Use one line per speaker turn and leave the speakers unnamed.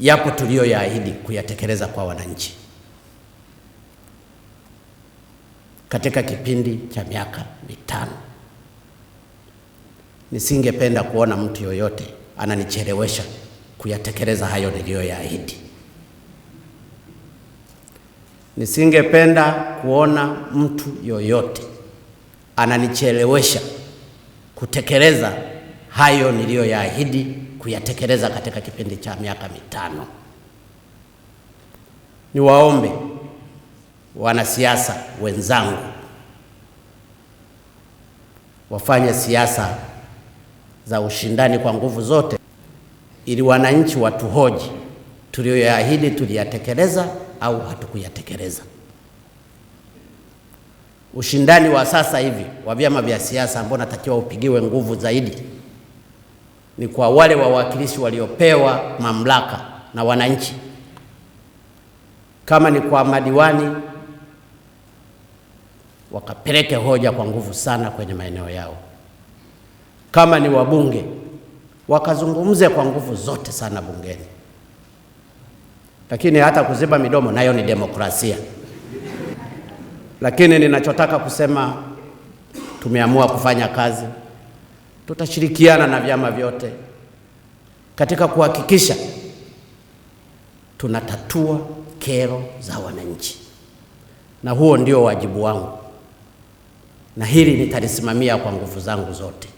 yapo tuliyoyaahidi kuyatekeleza kwa wananchi katika kipindi cha miaka mitano. Nisingependa kuona mtu yoyote ananichelewesha kuyatekeleza hayo niliyoyaahidi. Nisingependa kuona mtu yoyote ananichelewesha kutekeleza hayo niliyoyaahidi kuyatekeleza katika kipindi cha miaka mitano. Niwaombe wanasiasa wenzangu wafanye siasa za ushindani kwa nguvu zote, ili wananchi watuhoji tuliyoyaahidi tuliyatekeleza au hatukuyatekeleza. Ushindani wa sasa hivi wa vyama vya siasa ambao natakiwa upigiwe nguvu zaidi ni kwa wale wawakilishi waliopewa mamlaka na wananchi, kama ni kwa madiwani wakapeleke hoja kwa nguvu sana kwenye maeneo yao, kama ni wabunge wakazungumze kwa nguvu zote sana bungeni. Lakini hata kuziba midomo nayo ni demokrasia. Lakini ninachotaka kusema, tumeamua kufanya kazi tutashirikiana na vyama vyote katika kuhakikisha tunatatua kero za wananchi, na huo ndio wajibu wangu, na hili nitalisimamia kwa nguvu zangu zote.